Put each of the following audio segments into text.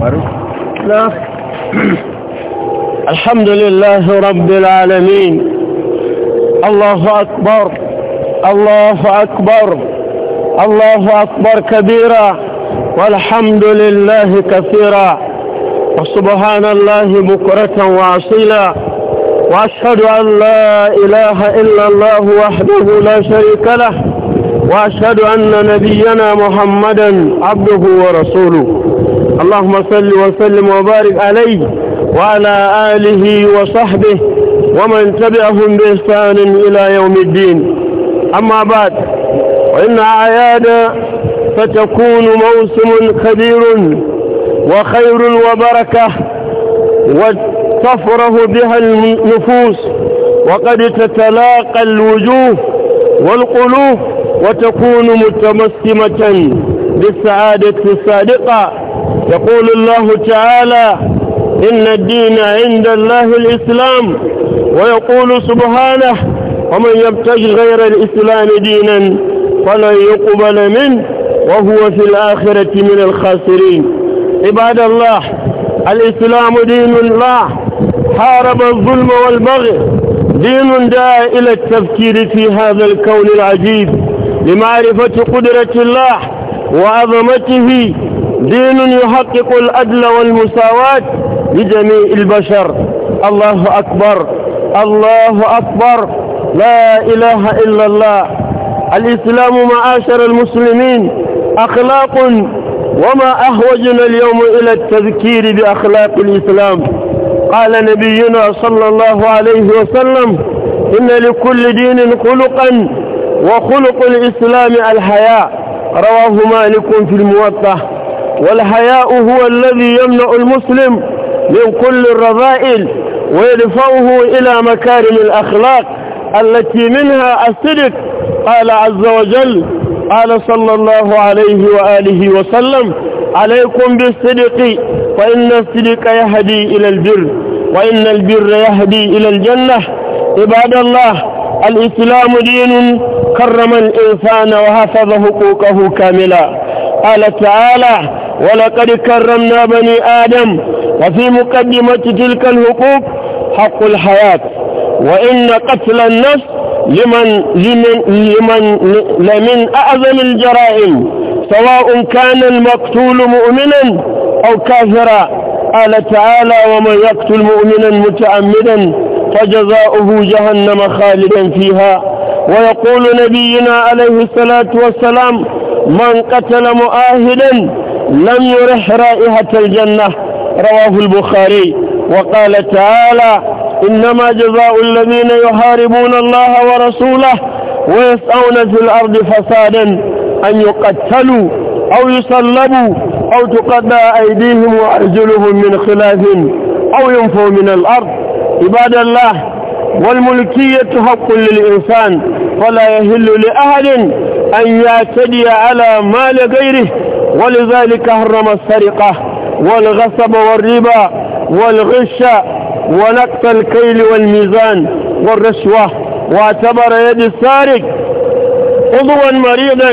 لا نعم. الحمد لله رب العالمين الله أكبر الله أكبر الله أكبر كبيرا والحمد لله كثيرا وسبحان الله بكرة وعصيلا وأشهد أن لا إله إلا الله وحده لا شريك له وأشهد أن نبينا محمدا عبده ورسوله اللهم صل وسلم وبارك عليه وعلى آله وصحبه ومن تبعهم بإحسان إلى يوم الدين أما بعد وإن أعياد فتكون موسم كبير وخير وبركة وتفرح بها النفوس وقد تتلاقى الوجوه والقلوب وتكون متمسمة بالسعادة الصادقة يقول الله تعالى إن الدين عند الله الإسلام ويقول سبحانه ومن يبتغي غير الإسلام دينا فلن يقبل منه وهو في الآخرة من الخاسرين عباد الله الإسلام دين الله حارب الظلم والبغي دين داعي إلى التفكير في هذا الكون العجيب لمعرفة قدرة الله وعظمته دين يحقق العدل والمساواة لجميع البشر الله أكبر الله أكبر لا إله إلا الله الإسلام معاشر المسلمين أخلاق وما أهوجنا اليوم إلى التذكير بأخلاق الإسلام قال نبينا صلى الله عليه وسلم إن لكل دين خلقا وخلق الإسلام الحياء رواه مالك في الموطأ والحياء هو الذي يمنع المسلم من كل الرذائل ويدفعه إلى مكارم الأخلاق التي منها الصدق قال عز وجل قال صلى الله عليه وآله وسلم عليكم بالصدق فإن الصدق يهدي إلى البر وإن البر يهدي إلى الجنة عباد الله الإسلام دين كرم الإنسان وحفظ حقوقه كاملا قال تعالى ولقد كرمنا بني آدم وفي مقدمة تلك الحقوق حق الحياة وإن قتل النفس لمن, لمن, لمن لمن أعظم الجرائم سواء كان المقتول مؤمنا أو كافرا قال تعالى ومن يقتل مؤمنا متعمدا فجزاؤه جهنم خالدا فيها ويقول نبينا عليه الصلاة والسلام من قتل مؤاهدا لم يرح رائحة الجنة رواه البخاري وقال تعالى إنما جزاء الذين يحاربون الله ورسوله ويسعون في الأرض فسادا أن يقتلوا أو يصلبوا أو تقطع أيديهم وأرجلهم من خلاف أو ينفوا من الأرض عباد الله والملكية حق للإنسان فلا يهل لأحد أن يعتدي على مال غيره ولذلك حرم السرقة والغصب والربا والغش ونقص الكيل والميزان والرشوة واعتبر يد السارق عضوا مريضا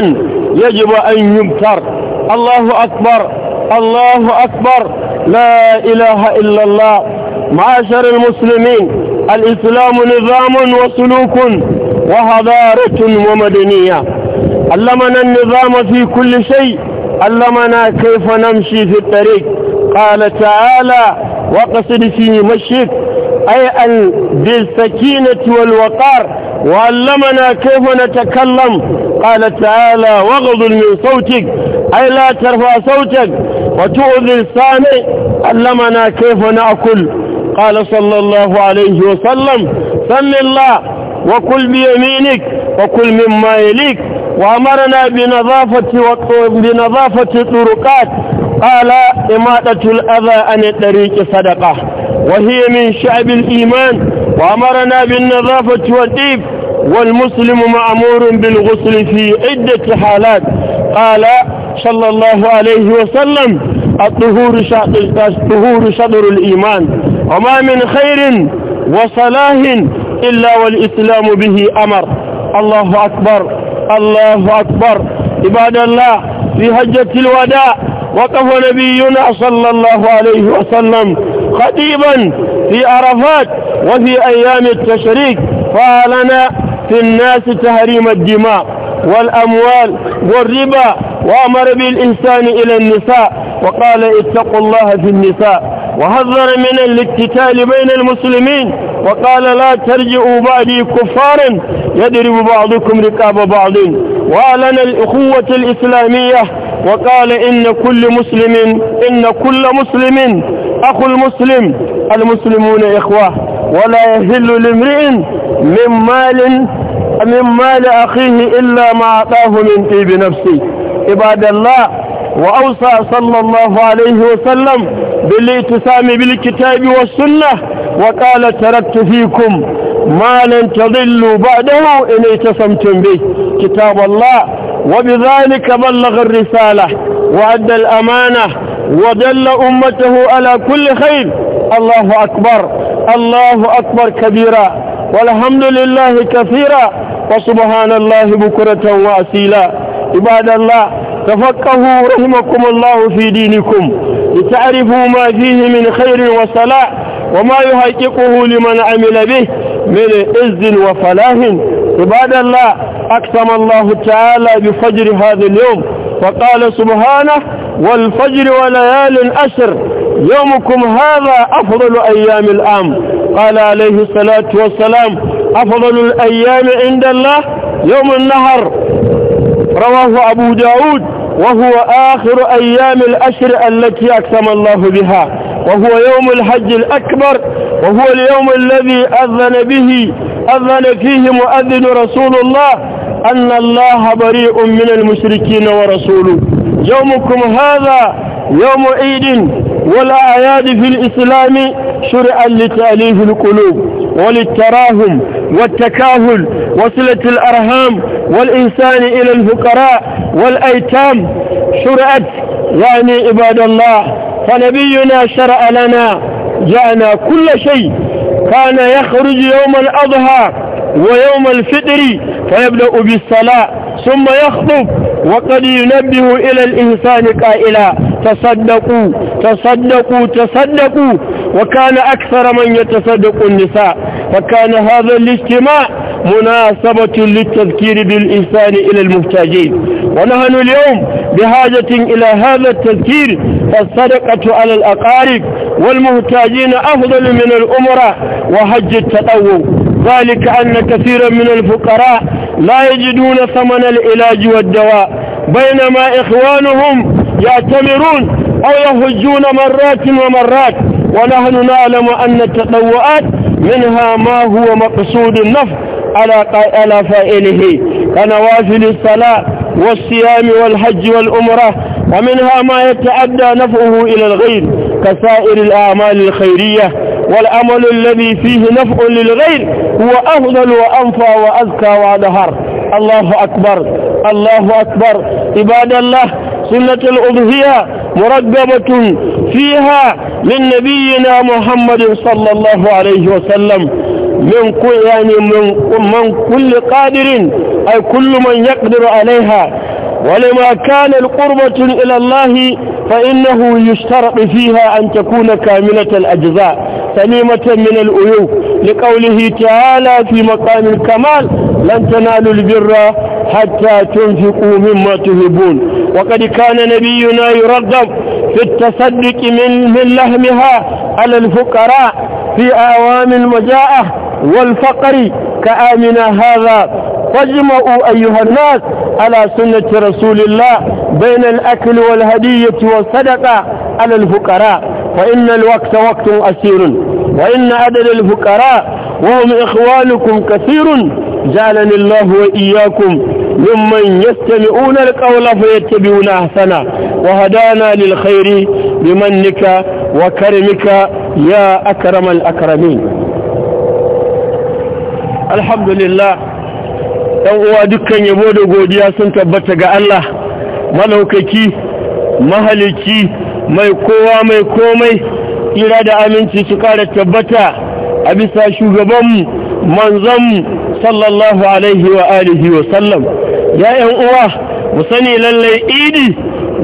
يجب أن يبتر الله أكبر الله أكبر لا إله إلا الله معاشر المسلمين الإسلام نظام وسلوك وحضاره ومدنية علمنا النظام في كل شيء علمنا كيف نمشي في الطريق قال تعالى وقصد في مشيك أي أن بالسكينة والوقار وعلمنا كيف نتكلم قال تعالى وغض من صوتك أي لا ترفع صوتك وتؤذي السامع علمنا كيف نأكل قال صلى الله عليه وسلم صلى الله وكل بيمينك وكل مما يليك وأمرنا بنظافة, بنظافة الطرقات قال إمادة الأذى أن الطريق صدقة وهي من شعب الإيمان وأمرنا بالنظافة والطيب والمسلم مأمور بالغسل في عدة حالات قال صلى الله عليه وسلم الطهور الطهور شطر الإيمان وما من خير وصلاح إلا والإسلام به أمر الله أكبر الله أكبر عباد الله في هجة الوداع وقف نبينا صلى الله عليه وسلم خطيبا في عرفات وفي أيام التشريك فعلنا في الناس تهريم الدماء والأموال والربا وأمر بالإنسان إلى النساء وقال اتقوا الله في النساء وحذر من الاقتتال بين المسلمين وقال لا ترجعوا بعدي كفارا يضرب بعضكم رقاب بعض وأعلن الأخوة الإسلامية وقال إن كل مسلم إن كل مسلم أخو المسلم المسلمون إخوة ولا يهل لامرئ من مال من مال أخيه إلا ما أعطاه من طيب نفسه عباد الله وأوصى صلى الله عليه وسلم بالاتسام بالكتاب والسنة وقال تركت فيكم ما لن تضلوا بعده إن اتسمتم به كتاب الله وبذلك بلغ الرسالة وأدى الأمانة ودل أمته على كل خير الله أكبر الله أكبر كبيرا والحمد لله كثيرا وسبحان الله بكرة وأسيلا عباد الله تفقهوا رحمكم الله في دينكم لتعرفوا ما فيه من خير وصلاح وما يحققه لمن عمل به من عز وفلاح عباد الله أقسم الله تعالى بفجر هذا اليوم فقال سبحانه والفجر وليال أشر يومكم هذا أفضل أيام العام قال عليه الصلاة والسلام أفضل الأيام عند الله يوم النهر رواه أبو داود وهو آخر أيام الأشر التي أكرم الله بها وهو يوم الحج الأكبر وهو اليوم الذي أذن به أذن فيه مؤذن رسول الله أن الله بريء من المشركين ورسوله يومكم هذا يوم عيد والأعياد في الإسلام شرعا لتأليف القلوب وللتراهم والتكاهل وصلة الأرهام والإنسان إلى الفقراء والأيتام شرعت يعني عباد الله فنبينا شرع لنا جاءنا كل شيء كان يخرج يوم الأضحى ويوم الفطر فيبدأ بالصلاة ثم يخطب وقد ينبه إلى الإنسان قائلا تصدقوا تصدقوا تصدقوا وكان أكثر من يتصدق النساء فكان هذا الاجتماع مناسبة للتذكير بالإنسان إلى المحتاجين ونحن اليوم بحاجة إلى هذا التذكير فالصدقة على الأقارب والمحتاجين أفضل من الأمراء وحج التطوع ذلك أن كثيرا من الفقراء لا يجدون ثمن العلاج والدواء بينما إخوانهم يأتمرون أو يهجون مرات ومرات ونحن نعلم أن التطوعات منها ما هو مقصود النفع على على فائله كنوافل الصلاة والصيام والحج والأمرة ومنها ما يتعدى نفعه إلى الغير كسائر الأعمال الخيرية والأمل الذي فيه نفع للغير هو أفضل وأنفع وأزكى وأدهر الله أكبر الله أكبر عباد الله سنة الأضحية مرقبة فيها من نبينا محمد صلى الله عليه وسلم من كل يعني من, من كل قادر أي كل من يقدر عليها ولما كان القربة إلى الله فإنه يشترط فيها أن تكون كاملة الأجزاء سليمة من الأيوب لقوله تعالى في مقام الكمال لن تنالوا البر حتى تنفقوا مما تهبون وقد كان نبينا يرغب في التصدق من, من لهمها على الفقراء في أعوام المجاعة والفقر كآمنا هذا فاجمعوا أيها الناس على سنة رسول الله بين الأكل والهدية والصدقة على الفقراء فإن الوقت وقت أسير وإن عدد الفقراء وهم إخوانكم كثير جعلني الله وإياكم ممن يستمعون القول فيتبعون أحسنا وهدانا للخير بمنك وكرمك يا أكرم الأكرمين الحمد لله ɗan uwa dukkan yabo da godiya sun tabbata mai kowa mai komai kira da aminci su kara tabbata a bisa shugabanmu manzanmu sallallahu alaihi wa alihi wa sallam ya yan uwa mu sani lallai idi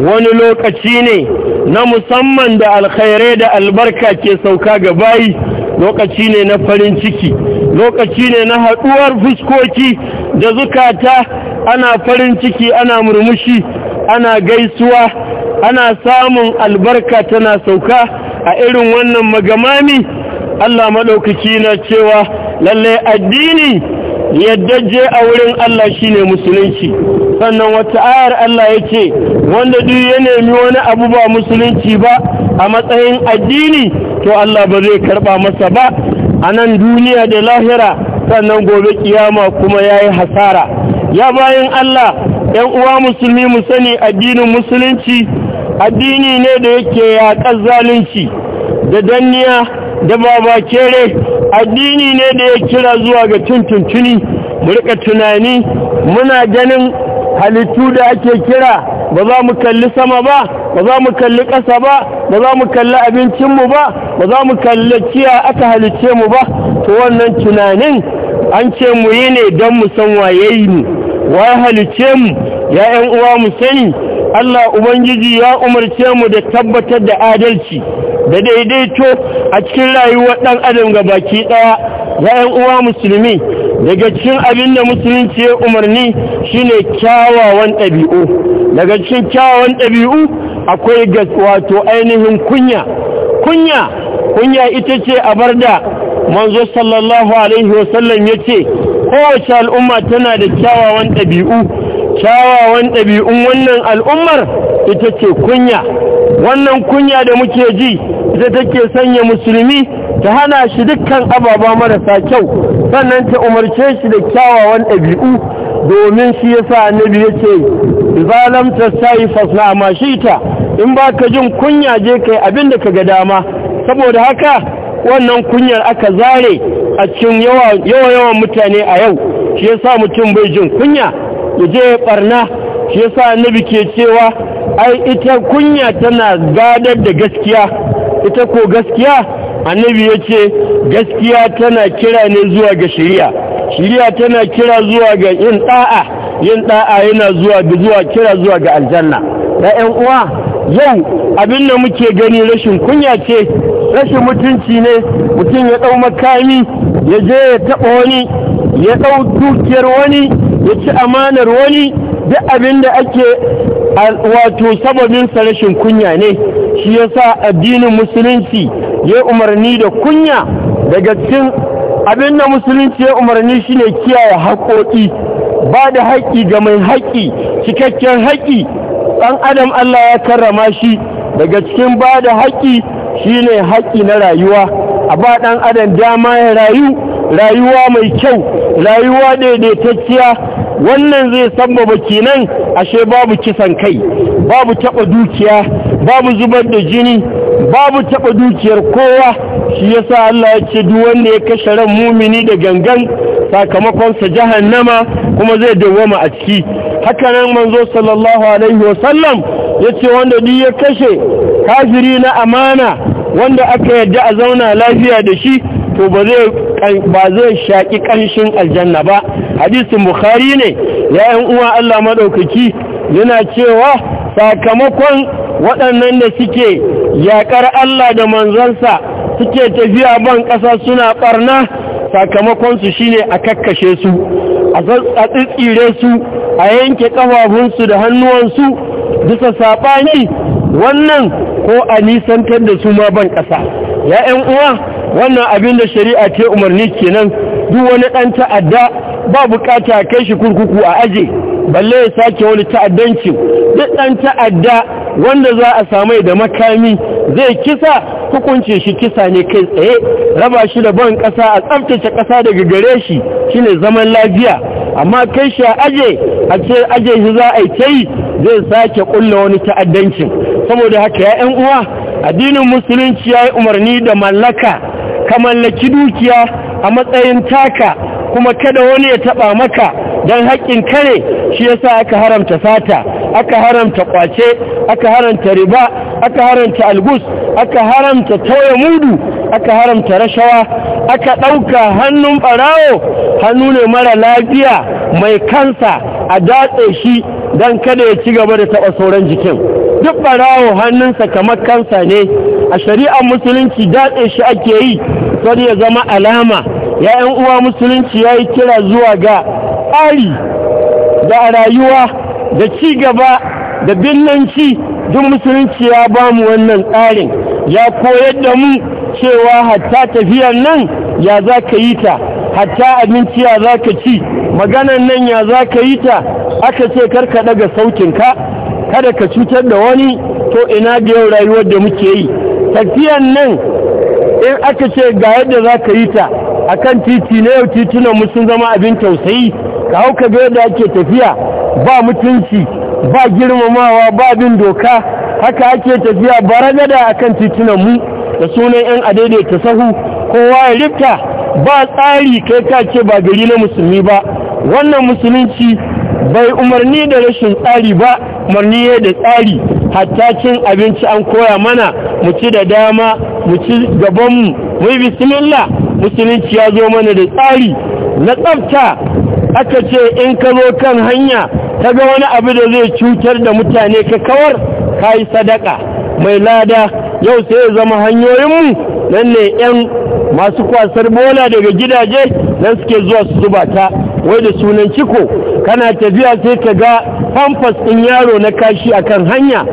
wani lokaci ne na musamman da alkhairai da albarka ke sauka ga bayi lokaci ne na farin ciki lokaci ne na haɗuwar fuskoki da zukata ana farin ciki ana murmushi ana gaisuwa ana samun albarka tana sauka a irin wannan magamami Allah maɗaukaki na cewa lallai addini yadda je a wurin Allah shi ne musulunci sannan wata ayar Allah ya ce wanda duk ya nemi wani abu ba musulunci ba a matsayin addini to Allah ba zai karɓa masa ba a nan duniya da lahira sannan gobe kiyama kuma ya yi hasara ya bayan Allah ‘yan uwa musulmi mu sani addinin musulunci addini ne da yake yaƙar zalunci da danniya da babakere addini ne da ya kira zuwa ga tuntuntuni rika tunani muna ganin halittu da ake kira ba za mu kalli sama ba ba za mu kalli ƙasa ba ba za mu kalli abincinmu ba ba za mu kalli kiya aka halicce mu ba to wannan tunanin an ce mu yi ne don mu san waye mu wa halice mu ya ‘yan uwa mu sani Allah Ubangiji ya umarce mu da tabbatar da adalci da daidaito a cikin rayuwar ɗan adam ga baki ɗaya ya ‘yan uwa musulmi daga cikin abin da musulunci ya umarni shine kyawawan ɗabi'u daga cikin kyawawan ɗabi'u akwai ga wato ainihin kunya kunya kunya ita ce a bar manzo sallallahu alaihi wasallam ya ce kowace al'umma tana da kyawawan ɗabi'u kyawawan ɗabi'un wannan al'ummar ita ce kunya wannan kunya da muke ji ita take sanya musulmi ta hana shi dukkan ababa marasa kyau sannan ta umarce shi da kyawawan ɗabi'u domin shi ya sa annabi ya ce zalamta sai fasla ma shi ta in baka jin kunya je kai abin da ka ga dama saboda haka wannan kunyar aka zare a cikin yawa-yawan mutane a yau shi yasa mutum bai jin kunya ya je barna shi yasa annabi ke cewa ai ita kunya tana gadar da gaskiya ita ko gaskiya annabi yace gaskiya tana kira ne zuwa ga shari'a shari'a tana kira zuwa ga yin da'a yin da'a yana zuwa ga zuwa kira zuwa ga aljanna da ƴan uwa yau abin da muke gani rashin kunya ce rashin mutunci ne mutum ya ɗau makami ya je ya taɓa wani ya ɗau dukiyar wani ya ci amanar wani duk abin da ake wato sababinsa rashin kunya ne shi ya sa addinin musulunci ya umarni da kunya daga cikin abin da musulunci ya umarni shine kiyaye haƙoƙi ba da haƙƙi ga mai haƙƙi cikakken haƙƙi ɗan adam Allah ya karrama shi daga cikin ba da haƙƙi shine haƙƙi na rayuwa a ba ɗan adam dama ya rayu rayuwa mai kyau rayuwa daidaitacciya wannan zai sabbaba kenan ashe babu kisan kai babu taɓa dukiya babu zubar da jini babu taɓa dukiyar kowa shi yasa Allah ya ce duk wanda ya kashe ran mumini da gangan sakamakonsa nama, kuma zai dawwama a ciki hakanan manzo sallallahu alaihi wasallam ya wanda duk ya kashe kafiri na amana wanda aka yadda a zauna lafiya da shi to ba zai shaki ƙanshin aljanna ba hadisin bukhari ne ya'yan uwa allah maɗaukaki yana cewa sakamakon waɗannan da suke yaƙar allah da manzansa suke tafiya ban ƙasa suna ɓarna sakamakonsu shine a kakkashe su a tsitsire su a yanke ƙafafunsu da hannuwansu bisa saɓani wannan ko a nisantar da su ma ban ƙasa ya ‘yan uwa wannan abin da shari'a ce umarni kenan duk wani ɗan ta'adda ba bukata kai shi kurkuku a aje balle ya sake wani ta'addanci duk ɗan ta'adda wanda za a samai da makami zai kisa hukunce shi kisa ne kai tsaye raba shi da ban ƙasa a tsaftace ƙasa daga gare shi shine zaman lafiya amma kai shi a aje a ce aje shi za a yi ta yi zai sake ƙulla wani ta'addancin saboda haka ya uwa addinin musulunci ya yi umarni da mallaka ka mallaki dukiya a matsayin taka kuma kada wani ya taɓa maka don haƙƙin kare shi yasa aka haramta fata, aka haramta ƙwace, aka haramta riba aka haramta algus aka haramta toye mudu aka haramta rashawa aka ɗauka hannun ɓarawo hannu ne mara lafiya mai kansa a datse shi don kada ya ci gaba da taɓa sauran jikin duk ɓarawo hannunsa kamar kansa ne a shari'ar musulunci datse shi ake yi don ya zama alama ya uwa musulunci ya yi kira zuwa ga tsari da a rayuwa da ci gaba da binanci duk musulunci ya ba mu wannan tsarin ya koyar da mu cewa hatta tafiyar nan ya za ka yi ta hatta abinci ya za ka ci maganan nan ya za ka yi ta aka ce karka daga ka, kada ka cutar da wani to ina da yau rayuwar da muke yi Tafiyar nan in aka ce ga yadda za ka yi ta a kan titi na yau titunan sun zama abin tausayi ka hau ka biyar da ake tafiya ba mutunci ba girmamawa ba bin doka haka ake tafiya baragada a kan titunan mu da sunan 'yan adaidaita sahu kowa ya rifta ba tsari kai ka ce ba gari na musulmi ba wannan musulunci bai umarni da rashin tsari ba umarni ya da tsari hatta cin abinci an koya mana mu ci da dama mu ci gabanmu mu yi bismillah musulunci ya zo mana da tsari na tsafta aka ce in ka zo kan hanya ta ga wani abu da zai cutar da mutane ka kawar ka yi sadaka mai lada yau sai ya zama hanyoyinmu nan ne 'yan masu kwasar bola daga gidaje nan suke zuwa su zuba ta wai da sunan ciko kana tafiya sai ka ga famfas ɗin yaro na kashi akan hanya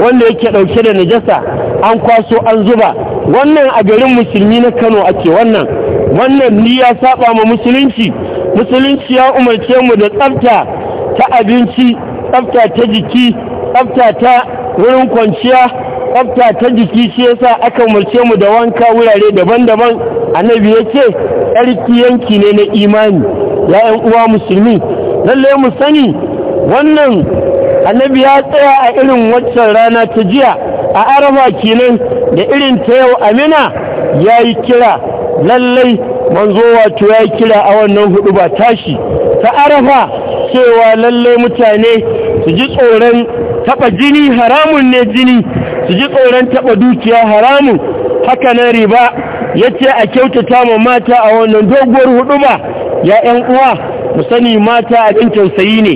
wanda yake ɗauke da najasa an kwaso an zuba wannan a garin musulmi na kano ake wannan wannan ni ya saba ma musulunci musulunci ya umarce mu da tsafta ta abinci tsafta ta jiki tsafta ta wurin kwanciya tsafta ta jiki shi yasa aka umarce mu da wanka wurare daban-daban annabi yake ce tsarki yanki ne na imani ya yan uwa musulmi lalle mu sani wannan annabi ya tsaya a irin waccan rana ta jiya a arafa kenan da irin ta yau amina ya yi kira lallai manzo wato ya yi kira a wannan hudu ba tashi ta arafa cewa lallai mutane su ji tsoron taba jini haramun ne jini su ji tsoron taɓa dukiya haramun haka na riba ya ce a kyautata ma mata a wannan doguwar hudu ba ya ‘yan uwa mu sani mata abin tausayi ne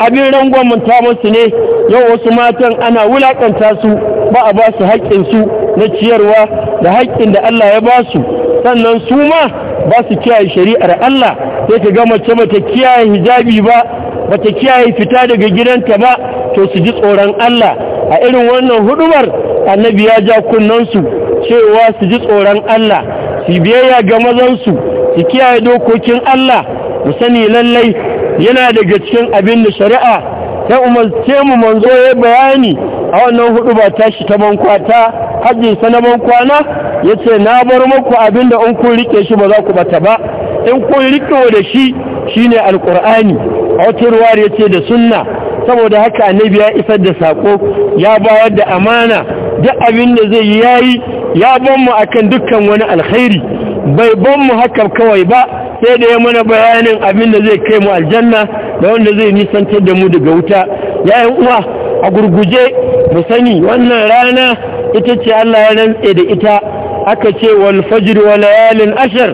abin rangon musu ne yau wasu matan ana wulaƙanta su ba a ba su haƙƙinsu na ciyarwa da haƙƙin da Allah ya ba su sannan su ma ba su kiyaye shari'ar Allah sai ka ga mace mata kiyaye hijabi ba bata kiyaye fita daga gidanta ba to su ji tsoron Allah a irin wannan hudumar annabi ya ja kunnansu cewa su ji tsoron Allah su biyayya ga mazansu su kiyaye dokokin Allah mu sani lallai yana daga cikin abin da shari'a ta umarce mu manzo ya bayani a wannan hudu ba shi ta bankwata hajjin sa na bankwana yace na bar muku abin da in ku rike shi ba za ku bata ba in ku rike da shi shine alqur'ani a wata ruwar yace da sunna saboda haka annabi ya isar da sako ya bayar da amana duk abin da zai yi yayi ya ban mu akan dukkan wani alkhairi bai ban mu haka kawai ba sai da ya mana bayanin abin da zai kai mu aljanna da wanda zai nisantar da mu daga wuta yayin uwa a gurguje mu sani wannan rana ita ce Allah ya rantse da ita aka ce wal fajr wa layalin ashar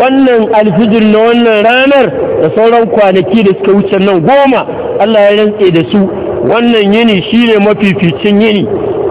wannan alfijir na wannan ranar da sauran kwanaki da suka wuce nan goma Allah ya rantse da su wannan yini shine mafificin yini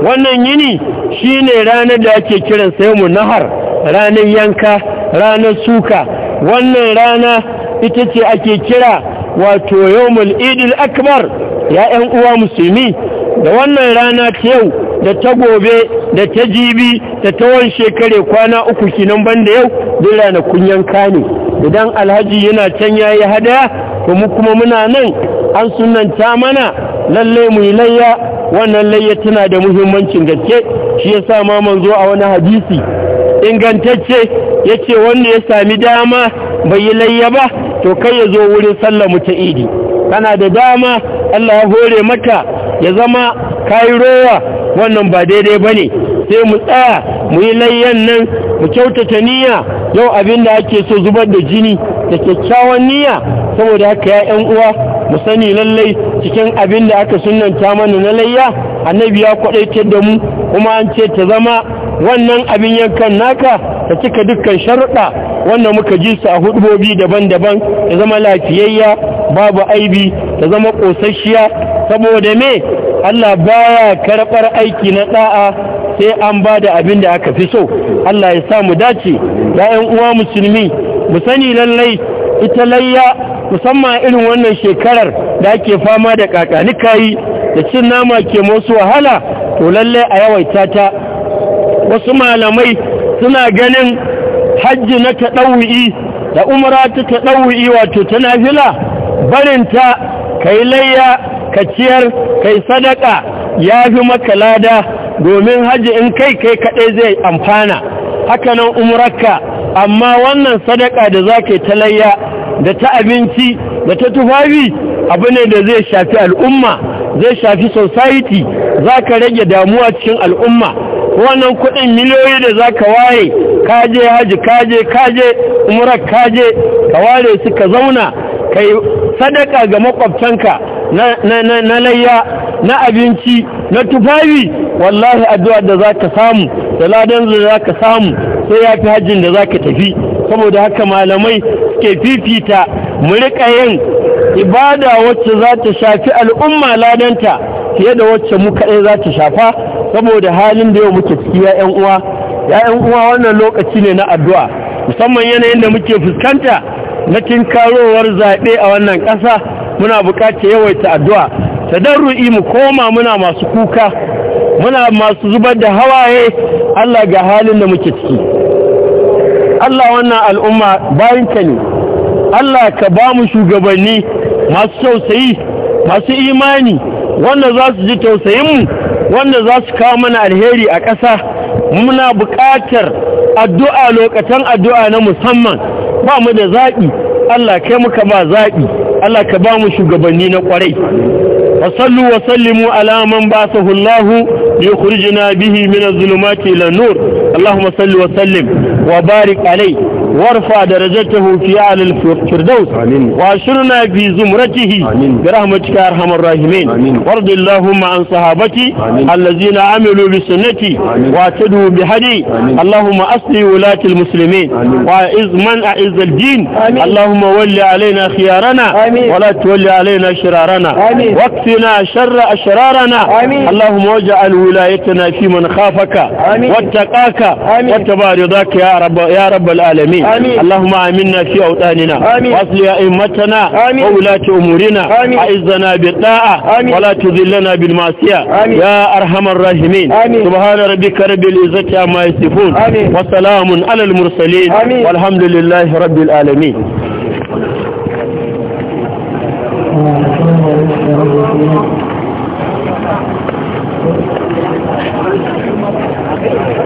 wannan yini shine ranar da ake kiransa yau nahar ranar yanka ranar suka wannan rana ita ce ake kira wato yawmul idil akbar ya ‘yan uwa musulmi da wannan rana ta yau da ta gobe da ta jibi da tawon shekare kwana uku kinan banda yau din ranakun yanka ne idan alhaji yana can ya yi hadaya to mu kuma muna nan an sunanta mana lallai mu yi layya wannan layya tana da muhimmancin gaske shi ya sa ma manzo a wani hadisi ingantacce ya ce wanda ya sami dama bai yi layya ba to kai ya zo wurin sallar mu ta idi kana da dama Allah ya hore maka ya zama kayi rowa wannan ba daidai ba ne sai mu tsaya mu yi layyan nan mu kyautata niyya yau abin da ake so zubar da jini da kyakkyawan niyya saboda haka ya 'yan uwa mu sani lallai cikin abin da aka sunanta mana na layya annabi ya kwadaitar da mu kuma an ce ta zama wannan abin yankan naka ta cika dukkan sharuɗa wannan muka ji su a hudubobi daban-daban ta zama lafiyayya babu aibi ta zama ƙosashiya saboda me Allah baya karɓar aiki na ɗa'a sai an ba da abin da aka fi so Allah ya sa mu dace ‘ya'yan uwa musulmi mu sani lallai ita layya musamman irin wannan shekarar da ake fama da kayi da cin nama ke masu wahala to lallai a yawaita ta wasu malamai suna ganin hajji na taɗawu'i da umara ta wato ta nafila barinta ka yi layya ka ciyar ka yi sadaka ya fi maka lada domin hajji in kai kai kaɗai zai amfana hakanan umarka amma wannan sadaka da za ka yi ta layya da ta abinci da ta tufafi abu ne da zai shafi al'umma zai shafi society za ka rage damuwa cikin al'umma wannan kuɗin miliyoyi da za ka waye kaje haji kaje kaje umarar kaje ka ware su ka zauna ka yi sadaka ga makwabtanka na layya na abinci na tufafi wallahi addu'a da za ka samu da ladan da za ka samu sai ya fi hajjin da za ka tafi saboda haka malamai suke fifita mu riƙa yin ibada wacce za ta shafi al'umma ladanta fiye da wacce mu kaɗai za ta shafa saboda halin da yau muke ciki ya yan uwa ya uwa wannan lokaci ne na addu'a musamman yanayin da muke fuskanta na kinkarowar zaɓe a wannan ƙasa muna buƙatar yawaita addu'a tadarru'i mu koma muna masu kuka muna masu zubar da hawaye Allah ga halin da muke ciki Allah wannan al'umma ka ne Allah ka ba mu shugabanni masu tausayi masu imani wanda za su ji tausayinmu wanda za su kawo mana alheri a ƙasa muna buƙatar addu'a lokacin addu'a na musamman ba mu da zaɓi Allah kai muka ba zaɓi Allah ka ba mu shugabanni na ƙwarai wasallu wasallimu alaman ba su hullahu يخرجنا به من الظلمات إلى النور اللهم صل وسلم وبارك عليه وارفع درجته في أعلى الفردوس وأشرنا في زمرته برحمتك أرحم الراحمين وارض اللهم عن صحابتي الذين عملوا بسنتي واعتدوا بهدي اللهم أصلي ولاة المسلمين وأعز من أعز الدين اللهم ول علينا خيارنا ولا تولي علينا شرارنا واكفنا شر أشرارنا اللهم واجعل ula yake na fi man khafaka kaka wata ba zaka ya rabba ya rabbal alamin allahumma aminna fi awtanina wasli ya imatana wa ulati umurina aizzana bi da'a wa la tudhillana ya arhamar rahimin subhan rabbika rabbil izzati a yasifun wa salamun ala mursalin walhamdulillahi rabbil alamin